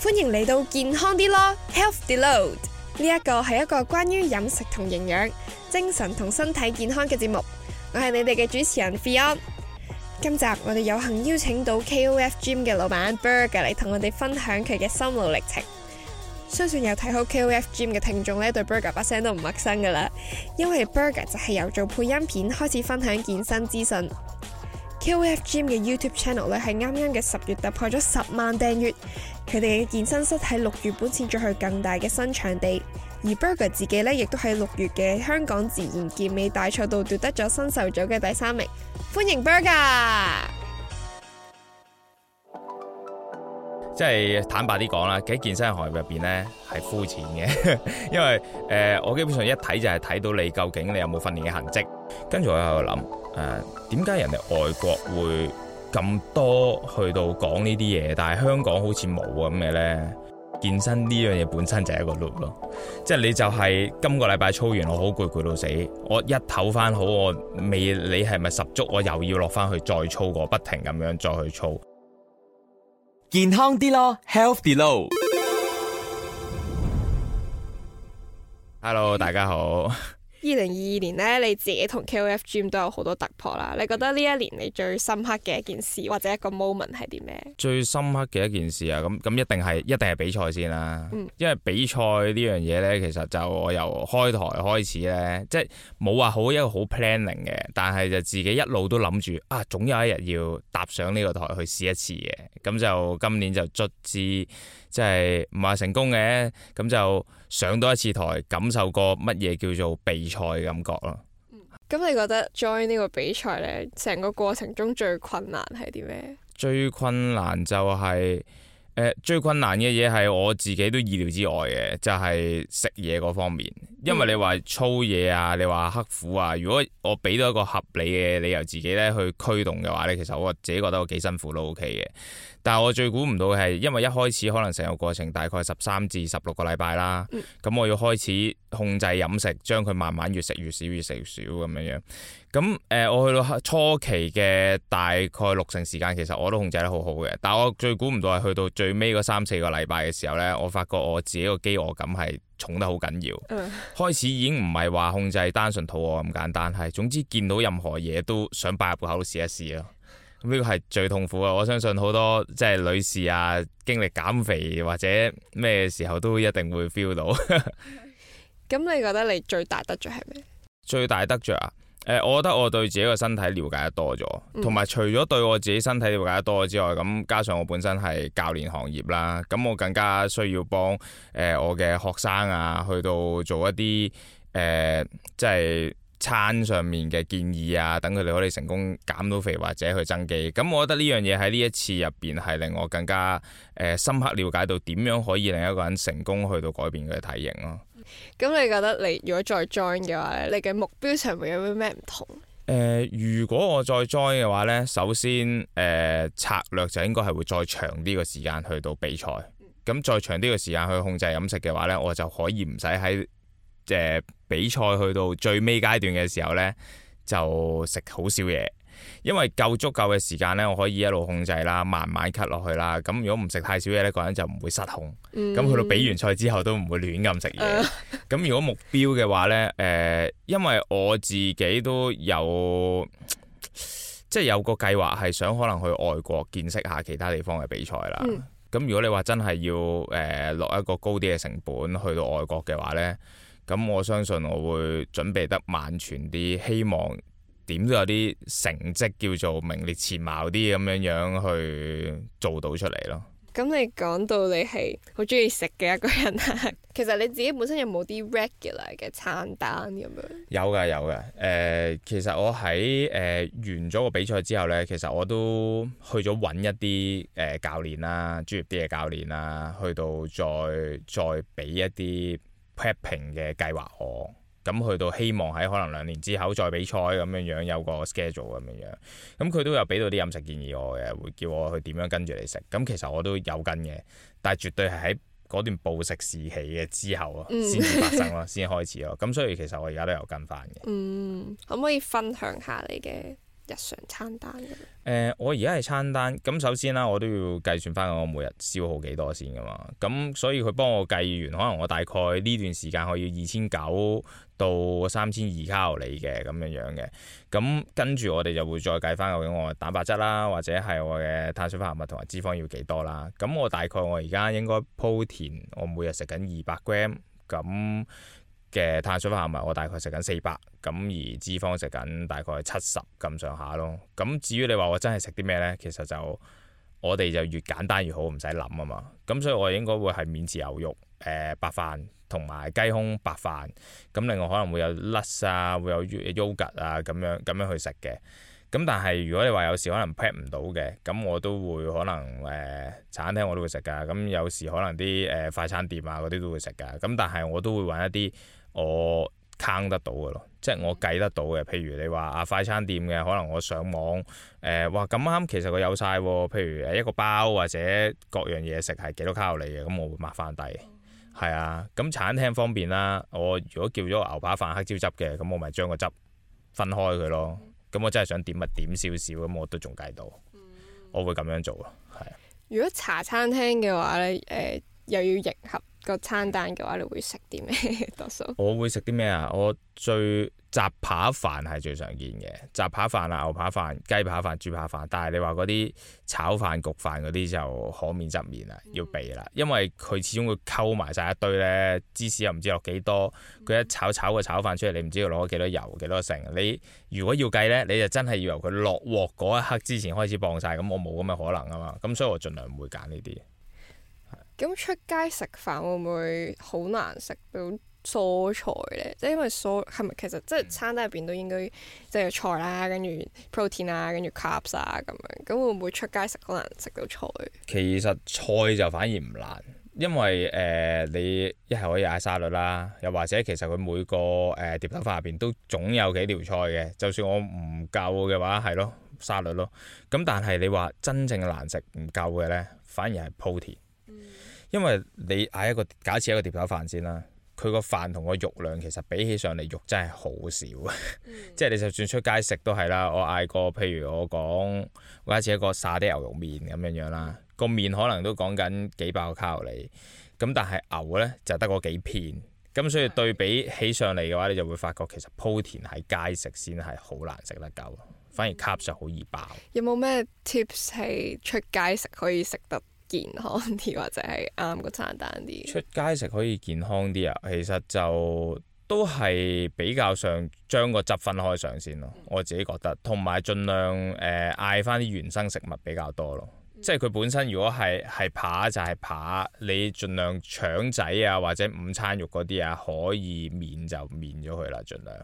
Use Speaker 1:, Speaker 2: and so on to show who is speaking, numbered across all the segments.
Speaker 1: 歡迎嚟到健康啲咯，Health Deload 呢一個係一個關於飲食同營養、精神同身體健康嘅節目。我係你哋嘅主持人 Fion。今集我哋有幸邀請到 KOF Gym 嘅老闆 Burger 嚟同我哋分享佢嘅心路歷程。相信有睇好 KOF Gym 嘅聽眾咧，對 Burger 把聲都唔陌生噶啦，因為 Burger 就係由做配音片開始分享健身資訊。KOF Gym 嘅 YouTube Channel 咧係啱啱嘅十月突破咗十萬訂閱。佢哋嘅健身室喺六月搬遷咗去更大嘅新場地，而 Burger 自己咧，亦都喺六月嘅香港自然健美大賽度奪得咗新秀組嘅第三名。歡迎 Burger，
Speaker 2: 即係坦白啲講啦，喺健身行業入邊呢係膚淺嘅，因為誒、呃、我基本上一睇就係睇到你究竟你有冇訓練嘅痕跡，跟住我喺度諗誒，點、呃、解人哋外國會？咁多去到講呢啲嘢，但係香港好似冇咁嘅咧。健身呢樣嘢本身就係一個 loop 咯，即係你就係今個禮拜操完，我好攰攰到死，我一唞翻好，我未你係咪十足，我又要落翻去再操過，不停咁樣再去操，健康啲咯，health below。Hello，大家好。
Speaker 1: 二零二二年呢，你自己同 KOF Gym 都有好多突破啦。你覺得呢一年你最深刻嘅一件事或者一個 moment 係啲咩？
Speaker 2: 最深刻嘅一件事啊，咁咁一定係一定係比賽先啦。嗯、因為比賽呢樣嘢呢，其實就我由開台開始呢，即係冇話好一個好 planning 嘅，但係就自己一路都諗住啊，總有一日要踏上呢個台去試一次嘅。咁就今年就卒之。即係唔係成功嘅，咁就上多一次台，感受過乜嘢叫做比賽嘅感覺
Speaker 1: 咯。嗯，咁你覺得 join 呢個比賽呢，成個過程中最困難係啲咩？
Speaker 2: 最困難就係、是。誒，最困難嘅嘢係我自己都意料之外嘅，就係食嘢嗰方面。因為你話粗嘢啊，你話刻苦啊，如果我俾到一個合理嘅理由自己咧去驅動嘅話咧，其實我自己覺得我幾辛苦都 OK 嘅。但係我最估唔到嘅係，因為一開始可能成個過程大概十三至十六個禮拜啦，咁、嗯、我要開始控制飲食，將佢慢慢越食越少，越食越少咁樣樣。咁、嗯、誒，我去到初期嘅大概六成時間，其實我都控制得好好嘅。但係我最估唔到係去到最最尾嗰三四個禮拜嘅時候呢，我發覺我自己個飢餓感係重得好緊要。嗯、開始已經唔係話控制單純肚餓咁簡單，係總之見到任何嘢都想擺入個口度試一試咯。呢個係最痛苦嘅，我相信好多即係女士啊，經歷減肥或者咩時候都一定會 feel 到。
Speaker 1: 咁 你覺得你最大得着係咩？
Speaker 2: 最大得着啊？誒，我覺得我對自己個身體了解得多咗，同埋除咗對我自己身體了解得多之外，咁加上我本身係教練行業啦，咁我更加需要幫誒我嘅學生啊，去到做一啲誒即係餐上面嘅建議啊，等佢哋可以成功減到肥或者去增肌。咁我覺得呢樣嘢，喺呢一次入邊係令我更加誒深刻了解到點樣可以令一個人成功去到改變佢嘅體型咯。
Speaker 1: 咁你覺得你如果再 join 嘅話，你嘅目標上面有啲咩唔同？
Speaker 2: 誒、呃，如果我再 join 嘅話呢，首先誒、呃、策略就應該係會再長啲嘅時間去到比賽，咁、嗯、再長啲嘅時間去控制飲食嘅話呢，我就可以唔使喺誒比賽去到最尾階段嘅時候呢，就食好少嘢。因為夠足夠嘅時間咧，我可以一路控制啦，慢慢 cut 落去啦。咁如果唔食太少嘢咧，個人就唔會失控。咁、嗯、去到比完賽之後都唔會亂咁食嘢。咁、嗯、如果目標嘅話呢誒、呃，因為我自己都有，即係有個計劃係想可能去外國見識下其他地方嘅比賽啦。咁、嗯、如果你話真係要誒落、呃、一個高啲嘅成本去到外國嘅話呢，咁我相信我會準備得萬全啲，希望。點都有啲成績叫做名列前茅啲咁樣樣去做到出嚟咯。
Speaker 1: 咁你講到你係好中意食嘅一個人啊， 其實你自己本身有冇啲 regular 嘅餐單咁樣？
Speaker 2: 有㗎有㗎。誒、呃，其實我喺誒、呃、完咗個比賽之後咧，其實我都去咗揾一啲誒、呃、教練啦，專業啲嘅教練啦，去到再再俾一啲 prepping 嘅計劃我。咁去到希望喺可能兩年之後再比賽咁樣樣有個 schedule 咁樣樣，咁、嗯、佢都有俾到啲飲食建議我嘅，會叫我去點樣跟住你食。咁、嗯、其實我都有跟嘅，但係絕對係喺嗰段暴食時期嘅之後啊，先發生咯，先 開始咯。咁、嗯、所以其實我而家都有跟翻
Speaker 1: 嘅。嗯，可唔可以分享下你嘅日常餐單？誒、
Speaker 2: 呃，我而家係餐單。咁首先啦、啊，我都要計算翻我每日消耗幾多先㗎嘛。咁所以佢幫我計完，可能我大概呢段時間我要二千九到三千二卡路里嘅咁樣樣嘅，咁跟住我哋就會再計翻究竟我嘅蛋白質啦，或者係我嘅碳水化合物同埋脂肪要幾多啦。咁我大概我而家應該鋪田，我每日食緊二百 gram 咁嘅碳水化合物，我大概食緊四百，咁而脂肪食緊大概七十咁上下咯。咁至於你話我真係食啲咩呢？其實就我哋就越簡單越好，唔使諗啊嘛。咁所以我應該會係免治牛肉，誒、呃、白飯。同埋雞胸白飯，咁另外可能會有 nuts 啊，會有 yoghurt 啊咁樣咁樣去食嘅。咁但係如果你話有時可能 plan 唔到嘅，咁我都會可能誒、呃、餐廳我都會食噶。咁有時可能啲誒、呃、快餐店啊嗰啲都會食噶。咁但係我都會揾一啲我 count 得到嘅咯，即係我計得到嘅。譬如你話啊快餐店嘅，可能我上網誒、呃、哇咁啱，其實佢有晒喎。譬如誒一個包或者各樣嘢食係幾多卡路里嘅，咁我會抹翻低。係啊，咁餐廳方便啦。我如果叫咗牛扒飯，黑椒汁嘅，咁我咪將個汁分開佢咯。咁、嗯、我真係想點咪點少少，咁我都仲計到。嗯、我會咁樣做咯，係。
Speaker 1: 如果茶餐廳嘅話咧，誒、呃、又要迎合，個餐單嘅話，你會食啲咩多數？ 我
Speaker 2: 會食啲咩啊？我最雜扒飯係最常見嘅，雜扒飯啊、牛扒飯、雞扒飯、豬扒飯。但係你話嗰啲炒飯、焗飯嗰啲就可免則免啦，要避啦，嗯、因為佢始終會溝埋晒一堆咧，芝士又唔知落幾多，佢一炒炒個炒飯出嚟，你唔知要攞咗幾多油、幾多成。你如果要計咧，你就真係要由佢落鑊嗰一刻之前開始磅晒，咁我冇咁嘅可能啊嘛。咁所以我盡量唔會揀呢啲。
Speaker 1: 咁出街食飯會唔會好難食到蔬菜咧？即係因為蔬係咪其實即係餐單入邊都應該即係菜啦，跟住 protein 啦、啊，跟住 carbs 啊咁樣。咁會唔會出街食好難食到菜？
Speaker 2: 其實菜就反而唔難，因為誒、呃、你一係可以嗌沙律啦，又或者其實佢每個誒碟頭飯入邊都總有幾條菜嘅。就算我唔夠嘅話，係咯沙律咯。咁但係你話真正難食唔夠嘅咧，反而係 protein。因為你嗌一個假設一個碟頭飯先啦，佢個飯同個肉量其實比起上嚟肉真係好少嘅， 嗯、即係你就算出街食都係啦。我嗌個，譬如我講假設一個沙嗲牛肉麵咁樣樣啦，個麵、嗯、可能都講緊幾百個卡路里，咁但係牛呢就得嗰幾片，咁所以對比起上嚟嘅話，你就會發覺其實鋪田喺街食先係好難食得夠，反而 carb 就好易爆。嗯、
Speaker 1: 有冇咩 tips 係出街食可以食得？健康啲或者係啱個餐單啲。
Speaker 2: 出街食可以健康啲啊，其實就都係比較上將個汁分開上先咯。嗯、我自己覺得，同埋盡量誒嗌返啲原生食物比較多咯。即係佢本身如果係係扒就係扒，你盡量腸仔啊或者午餐肉嗰啲啊可以免就免咗佢啦，盡量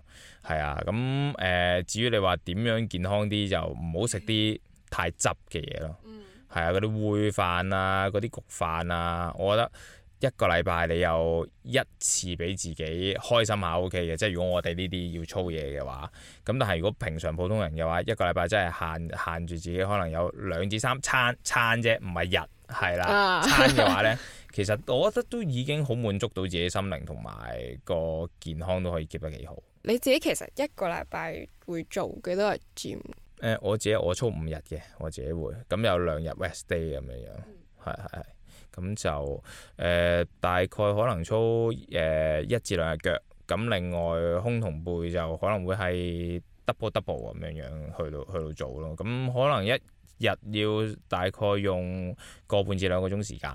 Speaker 2: 係啊。咁誒、呃、至於你話點樣健康啲就唔好食啲太汁嘅嘢咯。嗯係啊，嗰啲燴飯啊，嗰啲焗飯啊，我覺得一個禮拜你有一次俾自己開心下 O K 嘅。okay？即係如果我哋呢啲要操嘢嘅話，咁但係如果平常普通人嘅話，一個禮拜真係限限住自己可能有兩至三餐餐啫，唔係日係啦、啊、餐嘅話咧， 其實我覺得都已經好滿足到自己心靈同埋個健康都可以 keep 得幾好。
Speaker 1: 你自己其實一個禮拜會做幾多日 gym？
Speaker 2: 誒、呃、我自己我操五日嘅，我自己會咁、嗯、有兩日 rest day 咁樣樣，係係係，咁就誒大概可能操誒、呃、一至兩日腳，咁、嗯、另外胸同背就可能會係 double double 咁樣樣去到去到做咯，咁、嗯、可能一日要大概用個半至兩個鐘時間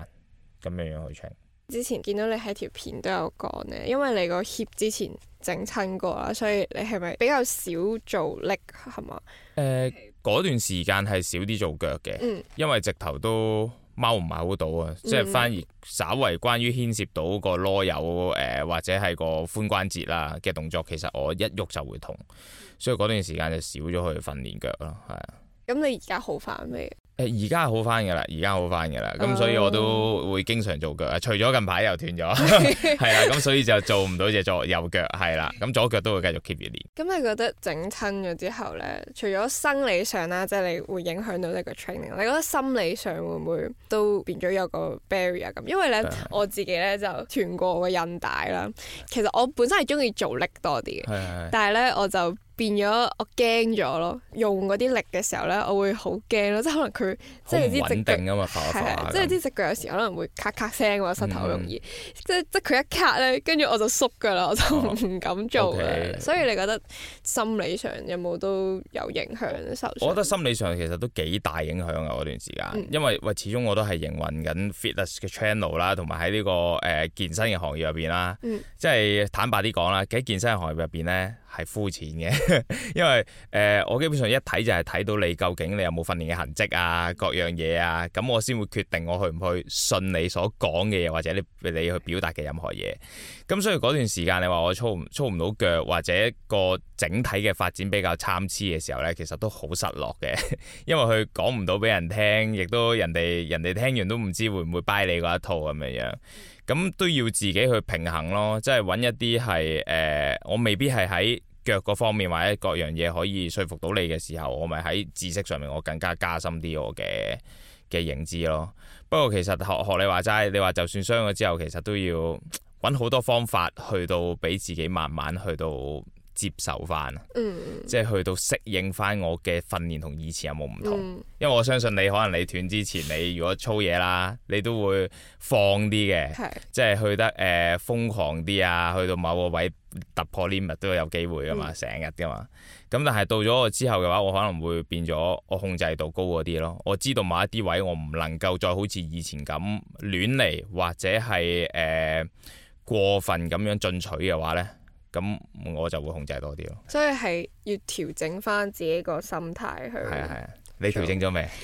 Speaker 2: 咁樣樣去 train。
Speaker 1: 之前見到你喺條片都有講咧，因為你個 hip 之前。整親過啦，所以你係咪比較少做力？係嘛？
Speaker 2: 誒、呃，嗰段時間係少啲做腳嘅，嗯、因為直頭都踎唔係好到啊，嗯、即係反而稍為關於牽涉到個囉柚，誒、呃、或者係個髖關節啦嘅動作，其實我一喐就會痛，所以嗰段時間就少咗去訓練腳咯，係啊。
Speaker 1: 咁、嗯、你而家好翻咩？
Speaker 2: 誒，而家好翻噶啦，而家好翻噶啦，咁、嗯、所以我都會經常做腳，除咗近排又斷咗，係啦， 咁所以就做唔到隻左右腳，係啦，咁左腳都會繼續 keep 住練。
Speaker 1: 咁、嗯、你覺得整親咗之後咧，除咗生理上啦，即係你會影響到呢個 training，你覺得心理上會唔會都變咗有個 barrier 咁？因為咧，的我自己咧就斷過個韌帶啦，其實我本身係中意做力多啲嘅，的但係咧我就。變咗我驚咗咯，用嗰啲力嘅時候咧，我會好驚咯，即係可能佢即係啲隻腳，係係對即係啲隻腳有時可能會咔咔聲啊，膝頭容易，嗯、即係即係佢一咔咧，跟住我就縮噶啦，我就唔敢做啊。哦 okay. 所以你覺得心理上有冇都有影響受？我覺得
Speaker 2: 心理上其實都幾大影響啊！嗰段時間，嗯、因為喂，始終我都係營運緊 fitness 嘅 channel 啦，同埋喺呢個誒健身嘅行業入邊啦，即係、嗯、坦白啲講啦，喺健身嘅行業入邊咧。嗯係膚淺嘅， 因為誒、呃，我基本上一睇就係睇到你究竟你有冇訓練嘅痕跡啊，各樣嘢啊，咁我先會決定我去唔去信你所講嘅嘢，或者你你去表達嘅任何嘢。咁所以嗰段時間，你話我操唔操唔到腳，或者一個整體嘅發展比較參差嘅時候呢，其實都好失落嘅， 因為佢講唔到俾人聽，亦都人哋人哋聽完都唔知會唔會 buy 你嗰一套咁樣。咁都要自己去平衡咯，即係揾一啲係誒，我未必係喺腳嗰方面或者各樣嘢可以說服到你嘅時候，我咪喺知識上面我更加加深啲我嘅嘅認知咯。不過其實學學你話齋，你話就算傷咗之後，其實都要揾好多方法去到俾自己慢慢去到。接受翻，嗯、即係去到適應翻我嘅訓練同以前有冇唔同？嗯、因為我相信你可能你斷之前，你如果操嘢啦，你都會放啲嘅，是即係去得誒、呃、瘋狂啲啊，去到某個位突破 limit 都有機會噶嘛，成日噶嘛。咁但係到咗我之後嘅話，我可能會變咗我控制度高嗰啲咯。我知道某一啲位我唔能夠再好似以前咁亂嚟，或者係誒、呃、過分咁樣進取嘅話呢。咁我就會控制多啲咯，
Speaker 1: 所以係要調整翻自己個心態去。係啊係啊，
Speaker 2: 你調整咗未？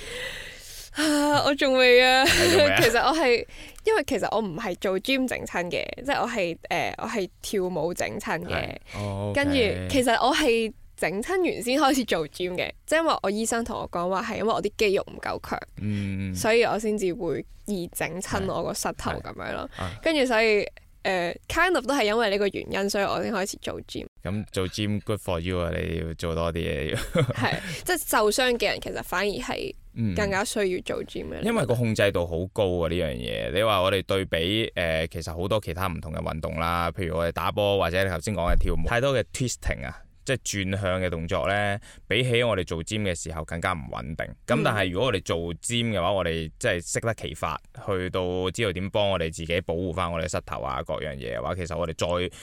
Speaker 1: 啊，我仲未啊。啊 其實我係因為其實我唔係做 gym 整親嘅，即係我係誒、呃、我係跳舞整親嘅。跟住、okay，其實我係整親完先開始做 gym 嘅，即係因為我醫生同我講話，係因為我啲肌肉唔夠強，嗯、所以我先至會易整親我個膝頭咁樣咯。跟住、啊、所以。誒、uh, kind of 都係因為呢個原因，所以我先開始做 gym。
Speaker 2: 咁做 gym good for you 啊， 你要做多啲嘢。係， 即、
Speaker 1: 就、係、是、受傷嘅人其實反而係更加需要做 gym 嘅、嗯。因
Speaker 2: 為個控制度好高啊！呢樣嘢，你話我哋對比誒、呃，其實好多其他唔同嘅運動啦，譬如我哋打波或者你頭先講嘅跳舞，太多嘅 twisting 啊。即係轉向嘅動作呢，比起我哋做 gym 嘅時候更加唔穩定。咁但係如果我哋做 gym 嘅話，我哋即係適得其法，去到知道點幫我哋自己保護翻我哋膝頭啊各樣嘢嘅話，其實我哋再、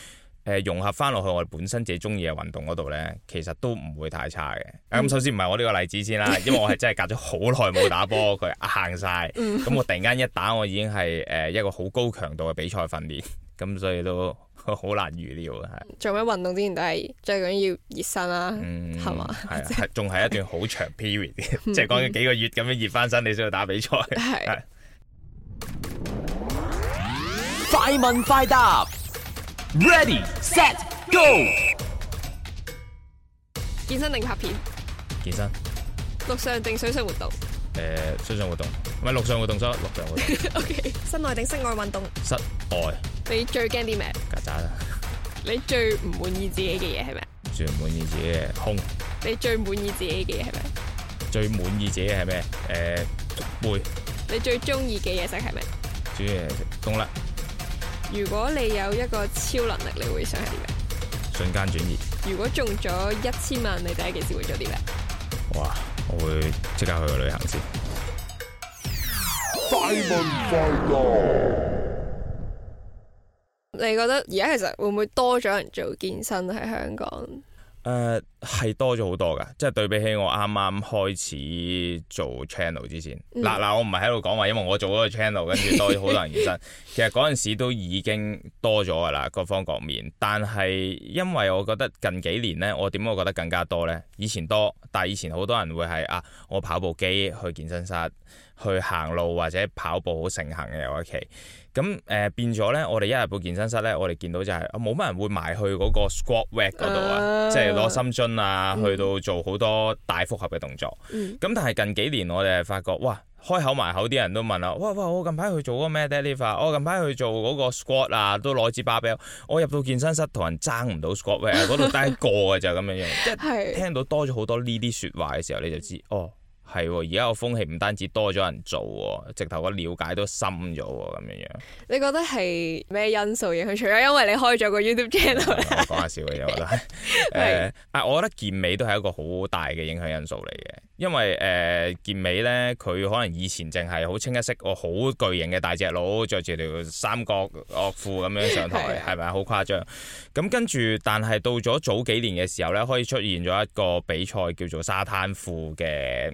Speaker 2: 呃、融合翻落去我哋本身自己中意嘅運動嗰度呢，其實都唔會太差嘅。咁、嗯啊、首先唔係我呢個例子先啦，因為我係真係隔咗好耐冇打波，佢 硬晒。咁我突然間一打，我已經係誒、呃、一個好高強度嘅比賽訓練，咁所以都。好難預料啊！
Speaker 1: 做咩運動之前都係最緊要熱身啦，係嘛？
Speaker 2: 係仲係一段好長 period，即係講緊幾個月咁樣熱翻身，你先去打比賽。係快問快答，Ready,
Speaker 1: set go，健身定拍片？
Speaker 2: 健身。
Speaker 1: 陸上定水上活動？
Speaker 2: 誒，水上活動，唔係陸上活動先，陸上活動。OK，
Speaker 1: 室內定室外運動？
Speaker 2: 室外。
Speaker 1: 你最驚啲咩？你最唔滿意自己嘅嘢係咩？
Speaker 2: 最唔滿意自己嘅胸。空
Speaker 1: 你最滿意自己嘅嘢係咩？
Speaker 2: 最滿意自己係咩？誒、呃、背。
Speaker 1: 你最中意嘅嘢食係咩？
Speaker 2: 最中意動力。
Speaker 1: 如果你有一個超能力，你會想係點樣？
Speaker 2: 瞬間轉移。
Speaker 1: 如果中咗一千萬，你第一件事會做啲咩？
Speaker 2: 哇！我會即刻去個旅行
Speaker 1: 先。你覺得而家其實會唔會多咗人做健身喺香港？
Speaker 2: 誒、呃，係多咗好多噶，即、就、係、是、對比起我啱啱開始做 channel 之前，嗱嗱、嗯，我唔係喺度講話，因為我做嗰個 channel 跟住多咗好多人健身， 其實嗰陣時都已經多咗噶啦，各方各面。但係因為我覺得近幾年呢，我點解我覺得更加多呢？以前多，但係以前好多人會係啊，我跑步機去健身室。去行路或者跑步好盛行嘅有一期，咁、okay？誒、呃、變咗咧，我哋一入到健身室咧，我哋見到就係冇乜人會埋去嗰個 squat rack 嗰度啊，uh，即係攞深蹲啊，去到做好多大複合嘅動作。咁、uh，但係近幾年我哋係發覺，哇，開口埋口啲人都問啦，哇哇，我近排去做嗰咩 deadlift 啊，我近排去做嗰個 squat 啊，都攞支 barbell，我入到健身室同人爭唔到 squat rack 嗰度得一個啊，就咁樣樣，即係 是聽到多咗好多呢啲説話嘅時候，你就知哦。係喎，而家個風氣唔單止多咗人做，直頭個了解都深咗喎，咁樣樣。
Speaker 1: 你覺得係咩因素影響？除咗因為你開咗個 YouTube channel，講
Speaker 2: 下笑嘅， 我覺得，誒 的，啊、呃，我覺得健美都係一個好大嘅影響因素嚟嘅。因為誒、呃、健美咧，佢可能以前淨係好清一色，我好巨型嘅大隻佬着住條三角樂褲咁樣上台，係咪好誇張？咁跟住，但係到咗早幾年嘅時候咧，可以出現咗一個比賽叫做沙灘褲嘅。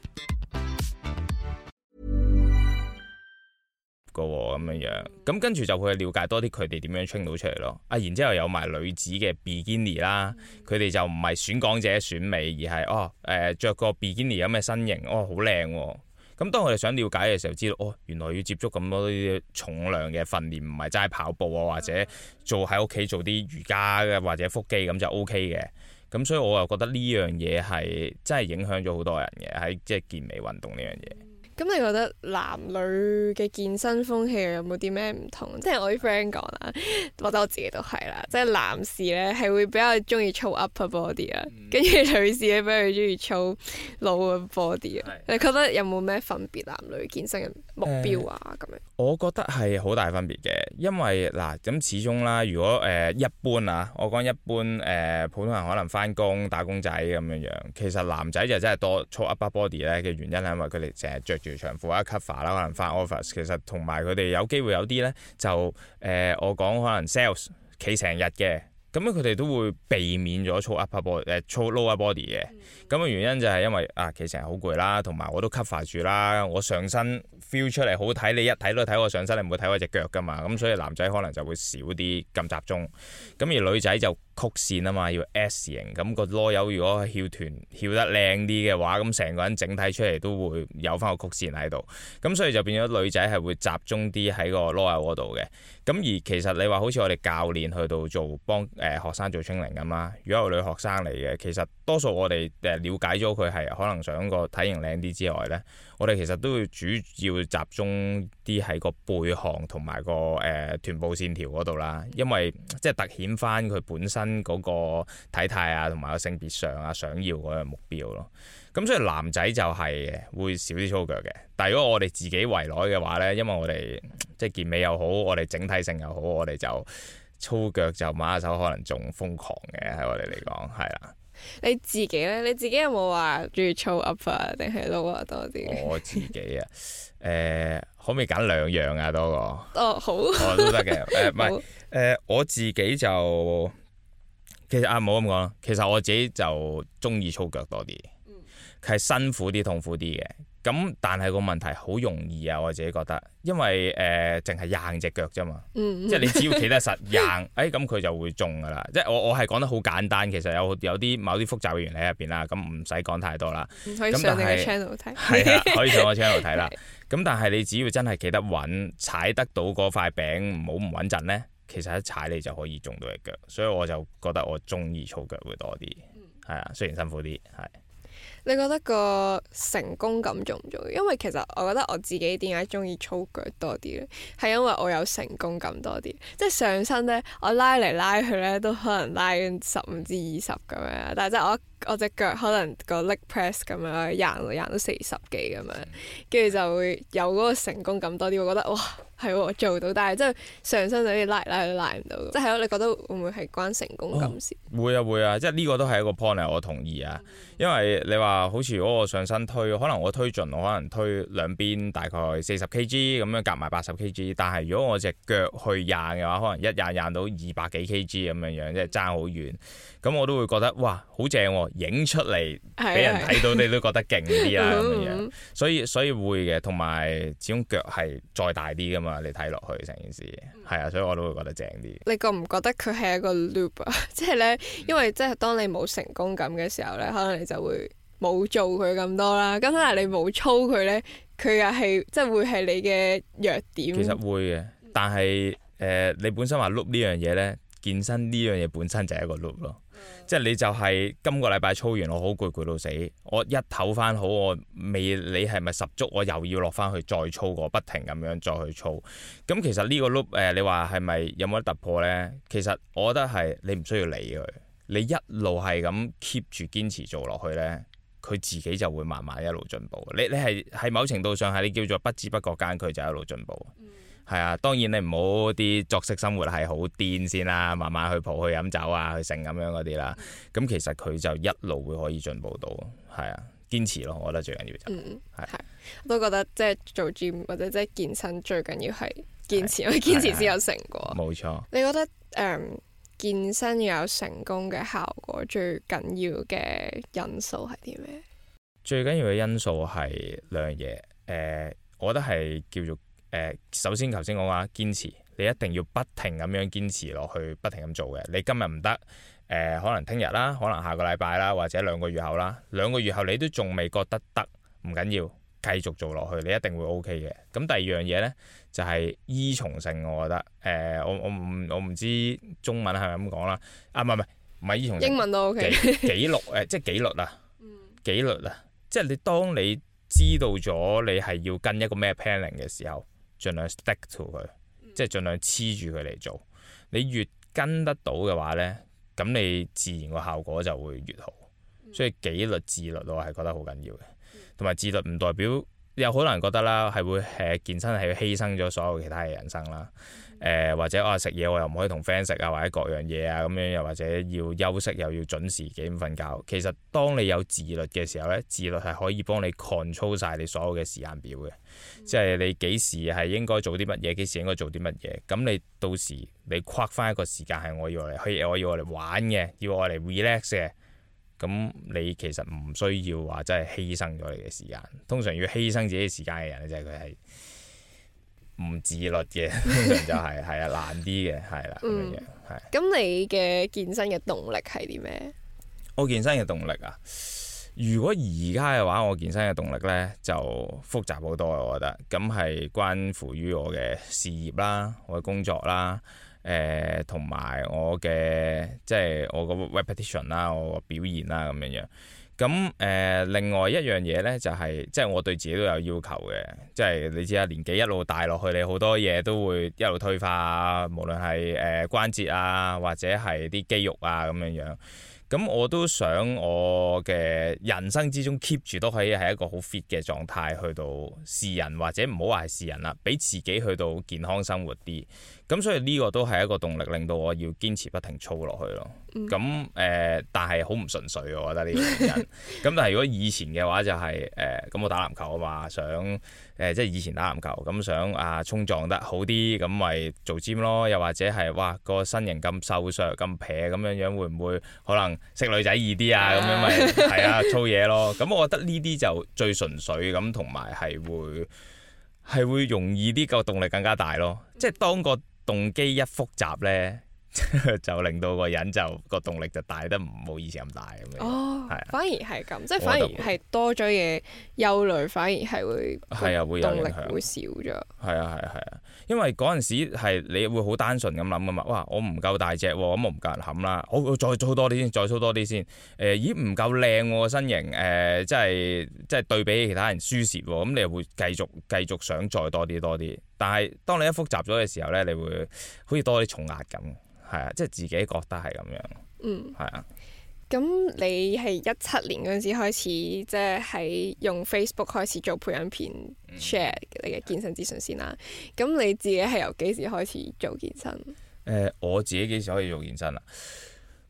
Speaker 2: 個咁樣樣，咁跟住就會去了解多啲佢哋點樣 train 到出嚟咯。啊，然之後有埋女子嘅比基尼啦，佢哋就唔係選港姐選美，而係哦誒、呃、着個比基尼有咩身形，哦好靚喎。咁、哦、當我哋想了解嘅時候，知道哦原來要接觸咁多重量嘅訓練，唔係齋跑步啊，或者做喺屋企做啲瑜伽嘅或者腹肌咁就 O K 嘅。咁所以我又覺得呢樣嘢係真係影響咗好多人嘅喺即係健美運動呢樣嘢。
Speaker 1: 咁你覺得男女嘅健身風氣有冇啲咩唔同？即係我啲 friend 講啦，或者我自己都係啦，嗯、即係男士咧係會比較中意操 upper body 啊、嗯，跟住女士咧比較中意操 lower body 啊。嗯、你覺得有冇咩分別？男女健身嘅目標啊
Speaker 2: 咁、嗯、樣？我覺得係好大分別嘅，因為嗱咁始終啦，如果誒、呃、一般啊，我講一般誒、呃、普通人可能翻工打工仔咁樣樣，其實男仔就真係多操 upper body 咧嘅原因係因為佢哋成日著住長褲啊 cover 啦，可能返 office 其實同埋佢哋有機會有啲咧就誒、呃，我講可能 sales 企成日嘅咁樣，佢哋都會避免咗做 upper body 誒，做 lower body 嘅咁嘅原因就係因為啊，企成日好攰啦，同埋我都 cover 住啦，我上身 feel 出嚟好睇，你一睇都睇我上身，你唔會睇我隻腳噶嘛，咁所以男仔可能就會少啲咁集中，咁而女仔就曲線啊嘛，要 S 型咁個攞油，如果翹臀翹得靚啲嘅話，咁成個人整體出嚟都會有翻個曲線喺度，咁所以就變咗女仔係會集中啲喺個攞油嗰度嘅。咁而其實你話好似我哋教練去到做幫誒、呃、學生做清零 e 咁啦，如果有女學生嚟嘅，其實多數我哋誒、了解咗佢係可能想個體型靚啲之外咧，我哋其實都會主要集中啲喺個背項同埋個誒、呃、臀部線條度啦，因為即係凸顯翻佢本身。嗰個體態啊，同埋個性別上啊，想要嗰個目標咯。咁所以男仔就係會少啲操腳嘅，但係如果我哋自己圍內嘅話咧，因為我哋即係健美又好，我哋整體性又好，我哋就操腳就馬下手可能仲瘋狂嘅喺我哋嚟講係啦。
Speaker 1: 你自己咧？你自己有冇話中意操 upper 定係 lower 多啲？ 我
Speaker 2: 自己啊，誒、呃、可唔可以揀兩樣啊？多個
Speaker 1: 哦，好我都得嘅
Speaker 2: 誒，唔係誒，我自己就。其實啊，唔好咁講啦。其實我自己就中意操腳多啲，係、嗯、辛苦啲、痛苦啲嘅。咁但係個問題好容易啊，我自己覺得，因為誒淨係硬隻腳啫嘛，嗯、
Speaker 3: 即係你只要企
Speaker 2: 得實硬，誒咁佢就會中㗎啦。即係我我係講得好簡單，其實有有啲某啲複雜嘅原理喺入邊啦。咁唔使講太多啦。唔可以上你 channel 睇。係啦， 可以上我 channel 睇啦。咁 但係你只要真係企得穩，踩得到嗰塊餅，唔好唔穩陣咧。其實一踩你就可以中到隻腳，所以我就覺得我鍾意操腳會多啲，係啊、嗯，雖然辛苦啲，係。
Speaker 1: 你覺得個成功感重唔重要？因為其實我覺得我自己點解鍾意操腳多啲咧，係因為我有成功感多啲。即係上身咧，我拉嚟拉去咧，都可能拉緊十五至二十咁樣，但係即係我。我隻腳可能個 leg press 咁樣，硬硬到四十幾咁樣，跟住就會有嗰個成功感多啲。我覺得哇，係我、啊、做到，但係真係上身就拉拉都拉唔到。即係你覺得會唔會係關成功感
Speaker 2: 事？會啊會啊，即係呢個都係一個 point 啊，我同意啊。因為你話好似如果我上身推，可能我推盡，我可能推兩邊大概四十 kg 咁樣，夾埋八十 kg。但係如果我隻腳去硬嘅話，可能一硬硬到二百幾 kg 咁樣樣，即係爭好遠。咁我都會覺得哇，好正喎！影出嚟俾人睇到， 你都覺得勁啲啊，咁樣、 嗯，所以所以會嘅，同埋始終腳係再大啲噶嘛，你睇落去成件事，係啊、嗯，所以我都會覺得正啲。
Speaker 1: 你覺唔覺得佢係一個 loop 啊？即係咧，因為即係當你冇成功感嘅時候咧，可能你就會冇做佢咁多啦。咁可能你冇操佢咧，佢又係即係會係你嘅弱點。其實
Speaker 2: 會嘅，但係誒、呃，你本身話 loop 呢樣嘢咧，健身呢樣嘢本身就係一個 loop 咯。即係你就係、是、今個禮拜操完，我好攰攰到死，我一唞翻好，我未你係咪十足？我又要落翻去再操過，不停咁樣再去操。咁其實呢個 loop、呃、你話係咪有冇得突破呢？其實我覺得係你唔需要理佢，你一路係咁 keep 住堅持做落去呢，佢自己就會慢慢一路進步。你，你係喺某程度上係你叫做不知不覺間佢就一路進步。嗯係啊，當然你唔好啲作息生活係好癲先啦，慢慢去蒲去飲酒啊，去成咁樣嗰啲啦。咁其實佢就一路會可以進步到，係啊，堅持咯，我覺得最緊要就係。
Speaker 1: 我都覺得即係、就是、做 gym 或者即係健身最緊要係堅持，是因為堅持先有成果。
Speaker 2: 冇錯。
Speaker 1: 你覺得誒、嗯、健身要有成功嘅效果，最緊要嘅因素
Speaker 2: 係啲咩？最緊要嘅因素係兩樣嘢，誒、呃，我覺得係叫做。首先頭先講話堅持，你一定要不停咁樣堅持落去，不停咁做嘅。你今日唔得，誒、呃，可能聽日啦，可能下個禮拜啦，或者兩個月後啦，兩個月後你都仲未覺得得，唔緊要，繼續做落去，你一定會 O K 嘅。咁第二樣嘢呢，就係、是、依從性，我覺得。誒、呃，我我唔我唔知中文係咪咁講啦，啊，唔係唔係唔係依從性，英
Speaker 1: 文都 O K。
Speaker 2: 紀律，誒、呃，即係紀律啊，嗯、紀律啊，即係你當你知道咗你係要跟一個咩 planning 嘅時候。盡量 stick to 佢，嗯，即係盡量黐住佢嚟做。你越跟得到嘅話呢，咁你自然個效果就會越好。嗯、所以紀律、自律我係覺得好緊要嘅，同埋自律唔代表。有好多人覺得啦，係會誒健身係要犧牲咗所有其他嘅人生啦，誒、嗯呃、或者我食嘢我又唔可以同 friend 食啊，或者各樣嘢啊咁樣，又或者要休息又要準時幾點瞓覺。其實當你有自律嘅時候呢，自律係可以幫你 control 晒你所有嘅時間表嘅，嗯、即係你幾時係應該做啲乜嘢，幾時應該做啲乜嘢。咁你到時你跨翻一個時間係我要嚟去，我要嚟玩嘅，要我嚟 relax 嘅。咁你其實唔需要話真係犧牲咗你嘅時間。通常要犧牲自己時間嘅人咧、就係，就係佢係唔自律嘅， 通常就係、係、係啊懶啲嘅，係啦咁
Speaker 1: 樣。係。咁你嘅健身嘅動力係啲咩？
Speaker 2: 我健身嘅動力啊，如果而家嘅話，我健身嘅動力咧就複雜好多啊，我覺得。咁係關乎於我嘅事業啦，我嘅工作啦。誒同埋我嘅即係我個 repetition 啦，我個表現啦咁樣樣。咁、呃、誒另外一樣嘢咧，就係、是、即係我對自己都有要求嘅。即係你知啊，年紀一路大落去，你好多嘢都會一路退化，無論係誒、呃、關節啊，或者係啲肌肉啊咁樣樣。咁我都想我嘅人生之中 keep 住都可以係一個好 fit 嘅狀態去到示人，或者唔好話係示人啦，俾自己去到健康生活啲。咁所以呢個都係一個動力，令到我要堅持不停操落去咯。咁誒、嗯呃，但係好唔純粹我覺得呢個原因。咁 但係如果以前嘅話就係、是、誒，咁、呃、我打籃球啊嘛，想。誒即係以前打籃球咁想啊衝撞得好啲咁咪做 Gym 咯，又或者係哇個身形咁瘦削咁撇，咁樣樣，會唔會可能識女仔易啲啊？咁樣咪係啊粗嘢咯！咁我覺得呢啲就最純粹咁，同埋係會係會容易啲個動力更加大咯。即係當個動機一複雜咧。 就令到個人就個動力就大得唔好，以前咁大咁嘅，
Speaker 1: 係、哦啊、反而係咁，即係反而係多咗嘢憂慮，反而係會係啊，會有影響，
Speaker 2: 會少咗，係啊，係啊，係啊，因為嗰陣時係你會好單純咁諗噶嘛，哇，我唔夠大隻，咁、啊、我唔夠人冚啦，我再粗多啲先，再粗多啲先，誒、啊，咦，唔夠靚個身形，誒、啊，即係即係對比起其他人輸蝕，咁、啊嗯、你又會繼續繼續想再多啲多啲，但係當你一複雜咗嘅時候咧，你會好似多啲重壓咁。係啊，即係自己覺得係咁樣。嗯，係啊的。
Speaker 1: 咁你係一七年嗰陣時開始，即係喺用 Facebook 開始做培養片 share，嗯、你嘅健身資訊先啦。咁的你自己係由幾時開始做健身？
Speaker 2: 誒、呃，我自己幾時可以做健身啊？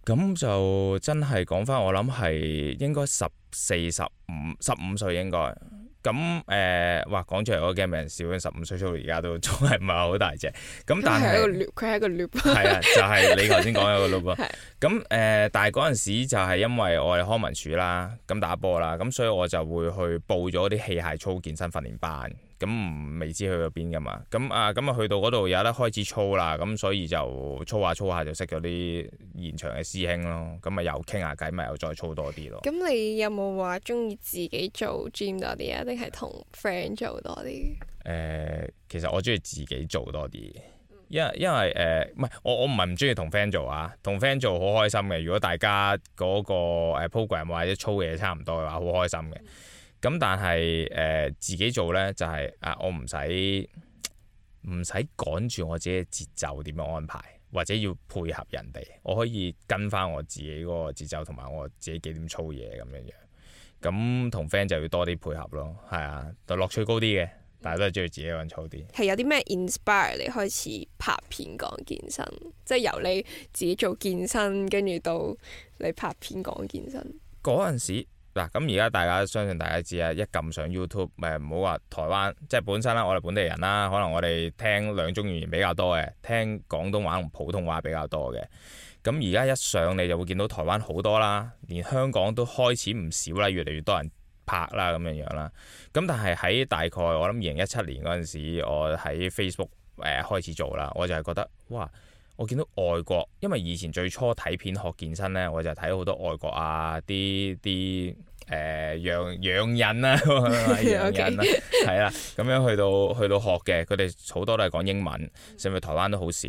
Speaker 2: 咁就真係講返，我諗係應該十四、十五、十五歲應該。咁誒、呃，哇！講出嚟我嘅人小於十五歲，到而家都仲係唔係好大隻？咁但係佢係
Speaker 1: 一個 lift，係啊，就係、是、你頭先講嘅一個 lift。
Speaker 2: 咁誒，但係嗰陣時就係因為我係康文署啦，咁打波啦，咁所以我就會去報咗啲器械操健身訓練班。咁未知去咗邊㗎嘛？咁啊咁啊去到嗰度有得開始操啦，咁所以就操下操下就識咗啲現場嘅師兄咯。咁咪又傾下偈，咪又再操多啲咯。咁
Speaker 1: 你有冇話中意自己做 gym 多啲啊？定係同 friend 做多啲？
Speaker 2: 誒、呃，其實我中意自己做多啲，因為因為誒唔係我我唔係唔中意同 friend 做啊，同 friend 做好開心嘅。如果大家嗰個 program 或者操嘅嘢差唔多嘅話，好開心嘅。嗯咁但係誒、呃、自己做呢，就係、是、啊我唔使唔使趕住我自己嘅節奏點樣安排，或者要配合人哋，我可以跟翻我自己嗰個節奏同埋我自己幾點操嘢咁樣樣，咁同 friend 就要多啲配合咯，係啊，就樂趣高啲嘅，但係都係中意自己搵操啲。
Speaker 1: 係有啲咩 inspire 你開始拍片講健身，即係由你自己做健身跟住到你拍片講健身
Speaker 2: 嗰陣時。嗱，咁而家大家相信大家知啊，一撳上 YouTube，誒唔好話台灣，即係本身啦，我哋本地人啦，可能我哋聽兩種語言比較多嘅，聽廣東話同普通話比較多嘅。咁而家一上，你就會見到台灣好多啦，連香港都開始唔少啦，越嚟越多人拍啦咁樣樣啦。咁但係喺大概我諗二零一七年嗰陣時，我喺 Facebook 誒、呃、開始做啦，我就係覺得哇！我見到外國，因為以前最初睇片學健身咧，我就睇好多外國啊啲啲誒洋洋人啊，洋人，係啦，咁樣去到去到學嘅，佢哋好多都係講英文，甚至台灣都好少。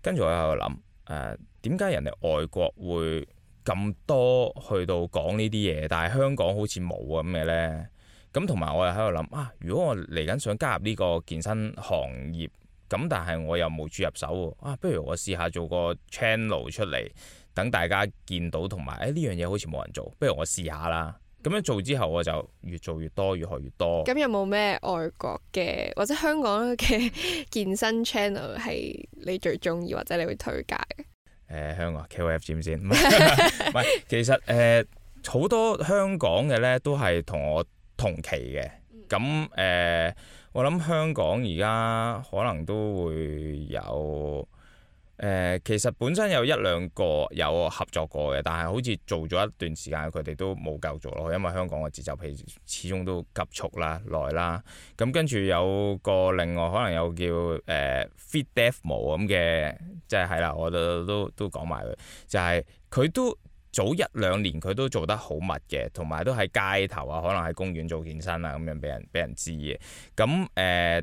Speaker 2: 跟住我喺度諗，誒點解人哋外國會咁多去到講呢啲嘢，但係香港好似冇咁嘅咧？咁同埋我又喺度諗啊，如果我嚟緊想加入呢個健身行業。咁但係我又冇處入手喎，啊不如我試下做個 channel 出嚟，等大家見到同埋，誒呢、哎、樣嘢好似冇人做，不如我試下啦。咁樣做之後我就越做越多，越學越多。咁
Speaker 1: 有冇咩外國嘅或者香港嘅健身 channel 係你最中意或者你會推介
Speaker 2: 嘅？誒、呃、香港 KOF Gym 先，唔係 其實誒好、呃、多香港嘅咧都係同我同期嘅，咁誒。呃我諗香港而家可能都會有，誒、呃，其實本身有一兩個有合作過嘅，但係好似做咗一段時間，佢哋都冇夠做落去，因為香港嘅節奏譬如始終都急速啦、耐啦。咁、嗯、跟住有個另外可能有叫誒、呃、fit death 舞咁嘅，即係係啦，我都都都講埋佢，就係、是、佢都。早一兩年佢都做得好密嘅，同埋都喺街頭啊，可能喺公園做健身啊，咁樣俾人俾人知嘅。咁誒、呃、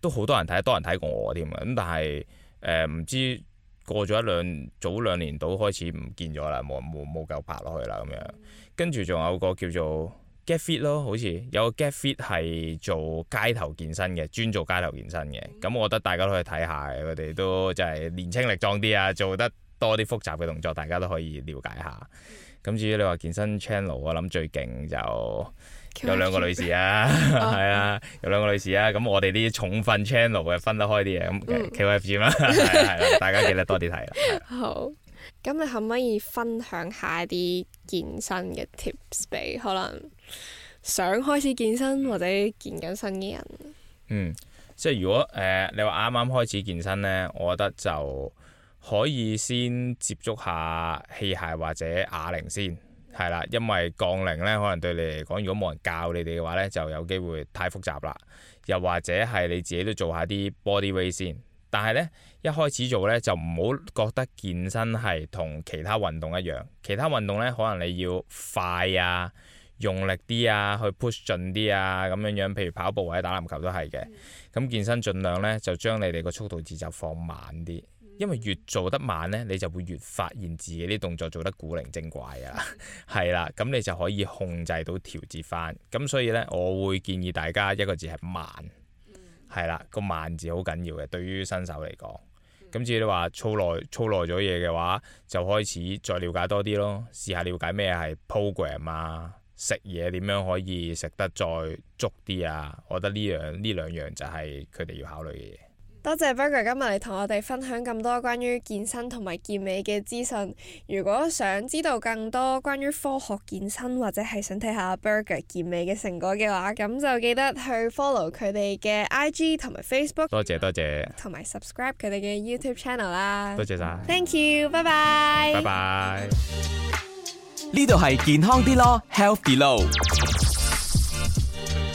Speaker 2: 都好多人睇，多人睇過我添啊。咁但係誒唔知過咗一兩早兩年到開始唔見咗啦，冇冇冇夠拍落去啦咁樣。嗯、跟住仲有個叫做 Get Fit 咯，好似有個 Get Fit 係做街頭健身嘅，專做街頭健身嘅。咁、嗯、我覺得大家都去睇下佢哋都就係年輕力壯啲啊，做得多啲複雜嘅動作，大家都可以了解下。咁、嗯、至於你話健身 channel，我諗最勁就有兩個女士啊，係啊， 啊，有兩個女士啊。咁我哋啲重訓 channel 又分得開啲嘢？咁 KOFG 嘛，係啦， 大家記得多啲睇啦。
Speaker 1: 對好，咁你可唔可以分享下一啲健身嘅 tips 俾可能想開始健身或者健緊身嘅人？嗯，
Speaker 2: 即係如果誒、呃、你話啱啱開始健身咧，我覺得就～可以先接觸下器械或者啞鈴先，係啦，因為槓鈴呢，可能對你嚟講，如果冇人教你哋嘅話呢，就有機會太複雜啦。又或者係你自己都做下啲 body weight 先，但係呢，一開始做呢，就唔好覺得健身係同其他運動一樣。其他運動呢，可能你要快啊、用力啲啊、去 push 盡啲啊咁樣樣，譬如跑步或者打籃球都係嘅。咁、嗯、健身盡量呢，就將你哋個速度節奏放慢啲。因為越做得慢呢，你就會越發現自己啲動作做得古靈精怪啊，係 啦，咁你就可以控制到調節翻。咁所以呢，我會建議大家一個字係慢，係啦、嗯，個慢字好緊要嘅。對於新手嚟講，咁、嗯、至於你話操耐操耐咗嘢嘅話，就開始再了解多啲咯，試下了解咩係 program 啊，食嘢點樣可以食得再足啲啊。我覺得呢樣呢兩樣就係佢哋要考慮嘅嘢。
Speaker 1: 多謝 Burger 今日嚟同我哋分享咁多關於健身同埋健美嘅資訊。如果想知道更多關於科學健身或者係想睇下 Burger 健美嘅成果嘅話，咁就記得去 follow 佢哋嘅 IG 同埋
Speaker 2: Facebook。多謝多謝。
Speaker 1: 同埋 subscribe 佢哋嘅 YouTube channel 啦。多謝晒，Thank you，bye bye 拜
Speaker 3: 拜。拜
Speaker 2: 拜。呢度係健康啲咯，Healthy Low。